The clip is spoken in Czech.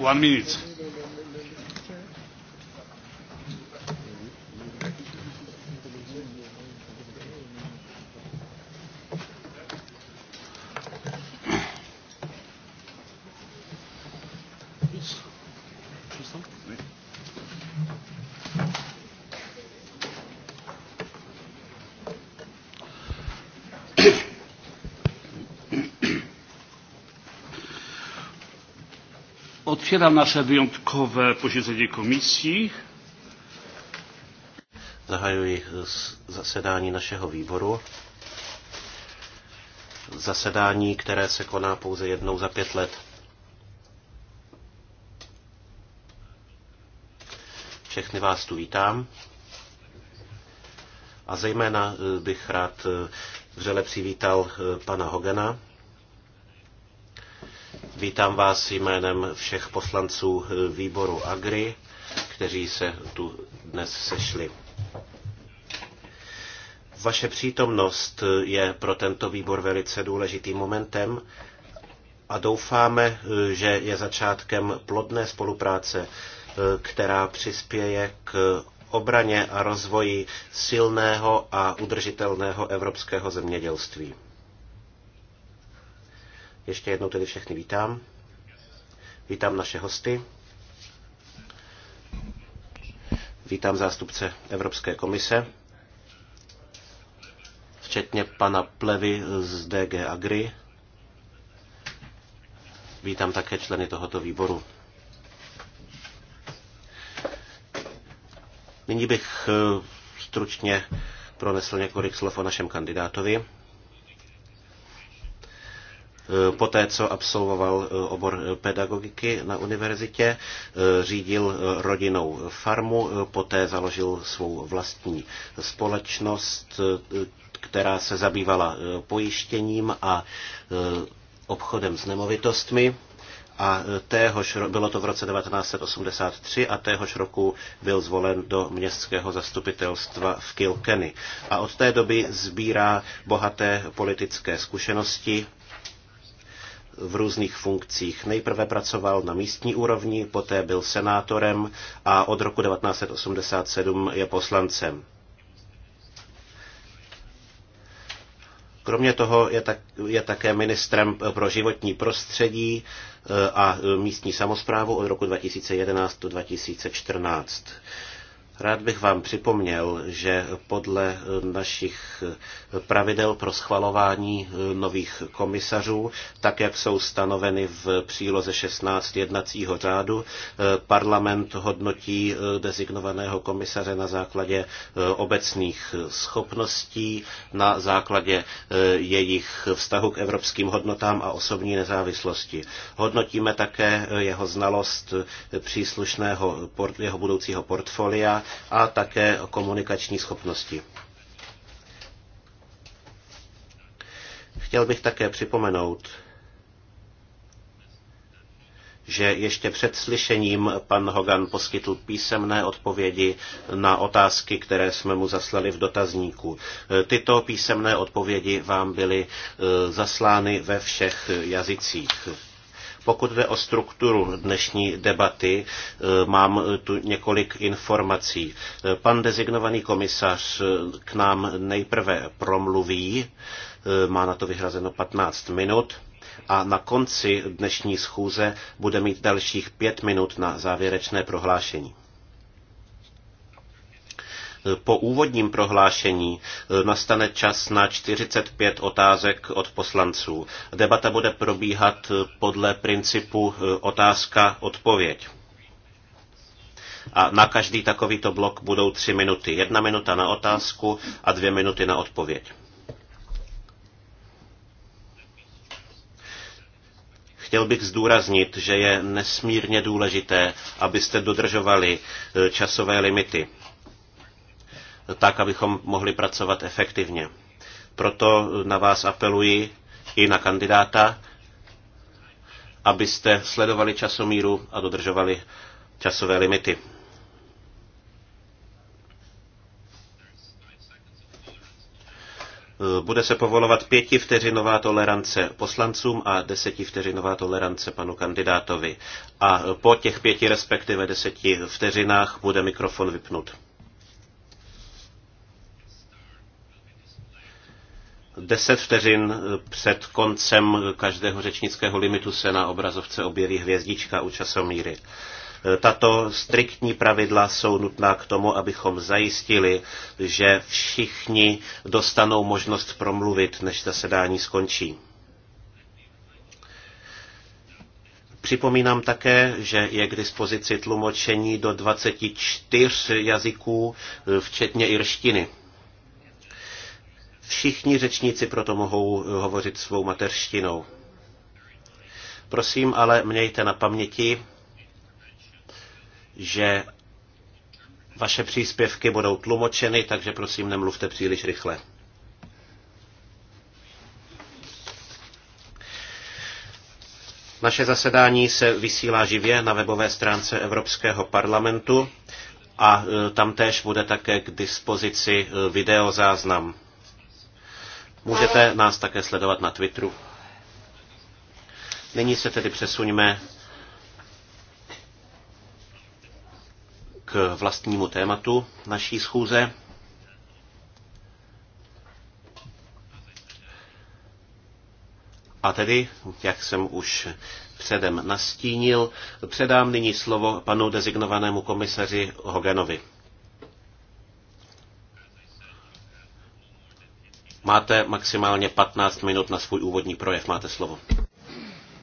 One minute. Otwieram nasze wyjątkowe posiedzenie komisji. Zahajuji zasedání našeho výboru. Zasedání, které se koná pouze jednou za pět let. Všechny vás tu vítám. A zejména eh, bych rád eh, vřele přivítal eh, pana Hogana, Vítám vás jménem všech poslanců eh, výboru Agri, kteří se tu dnes sešli. Vaše přítomnost eh, je pro tento výbor velice důležitým momentem a doufáme, eh, že je začátkem plodné spolupráce, která přispěje k obraně a rozvoji silného a udržitelného evropského zemědělství. Ještě jednou tedy všechny vítám. Vítám naše hosty. Vítám zástupce Evropské komise, včetně pana Plevy z DG Agri. Vítám také členy tohoto výboru. Nyní bych eh, stručně pronesl několik slov o našem kandidátovi. Eh, poté co absolvoval eh, obor eh, pedagogiky na univerzitě, řídil rodinnou farmu, poté založil svou vlastní společnost, která se zabývala pojištěním a obchodem s nemovitostmi a téhož, bylo to v roce 1983 a téhož roku byl zvolen do městského zastupitelstva v Kilkenny. A od té doby sbírá bohaté politické zkušenosti v různých funkcích. Nejprve pracoval na místní úrovni, poté byl senátorem a od roku 1987 je poslancem. Kromě toho je, tak, je také ministrem pro životní prostředí eh, a eh, místní samozprávu od roku 2011 do 2014. Rád bych vám připomněl, že podle našich pravidel pro schvalování nových komisařů, tak jak jsou stanoveny v příloze 16 jednacího řádu, parlament hodnotí designovaného komisaře na základě obecných schopností, na základě jejich vztahu k evropským hodnotám a osobní nezávislosti. Hodnotíme také jeho znalost příslušného jeho budoucího portfolia, a také komunikační schopnosti. Chtěl bych také připomenout, že ještě před slyšením pan Hogan poskytl písemné odpovědi na otázky, které jsme mu zaslali v dotazníku. Tyto písemné odpovědi vám byly eh, zaslány ve všech jazycích. Pokud jde o strukturu dnešní debaty, e, mám tu několik informací. E, pan designovaný komisař e, k nám nejprve promluví, má na to vyhrazeno 15 minut a na konci dnešní schůze bude mít dalších pět minut na závěrečné prohlášení. Po úvodním prohlášení eh, nastane čas na 45 otázek od poslanců. Debata bude probíhat eh, podle principu eh, otázka-odpověď. A na každý takovýto blok budou tři minuty. Jedna minuta na otázku a dvě minuty na odpověď. chtěl bych zdůraznit, že je nesmírně důležité, abyste dodržovali časové limity tak, abychom mohli pracovat efektivně. Proto na vás apeluji i na kandidáta, abyste sledovali časomíru a dodržovali časové limity. Bude se povolovat vteřinová tolerance poslancům a vteřinová tolerance panu kandidátovi. A po těch pěti, respektive deseti vteřinách, bude mikrofon vypnut. Deset vteřin eh, před koncem každého řečnického limitu se na obrazovce objeví hvězdička u časomíry. Eh, tato striktní pravidla jsou nutná k tomu, abychom zajistili, že všichni dostanou možnost promluvit, než zasedání skončí. Připomínám také, že je k dispozici tlumočení do 24 jazyků, eh, včetně irštiny. Všichni řečníci proto mohou eh, hovořit svou mateřštinou. Prosím ale mějte na paměti, že vaše příspěvky budou tlumočeny, takže prosím nemluvte příliš rychle. Naše zasedání se vysílá živě na webové stránce Evropského parlamentu a eh, tam též bude také k dispozici eh, videozáznam. Můžete nás také sledovat na Twitteru. Nyní se tedy přesuňme k vlastnímu tématu naší schůze. A tedy, jak jsem už předem nastínil, předám nyní slovo panu dezignovanému komisaři Hoganovi. Máte maximálně 15 minut na svůj úvodní projev, máte slovo.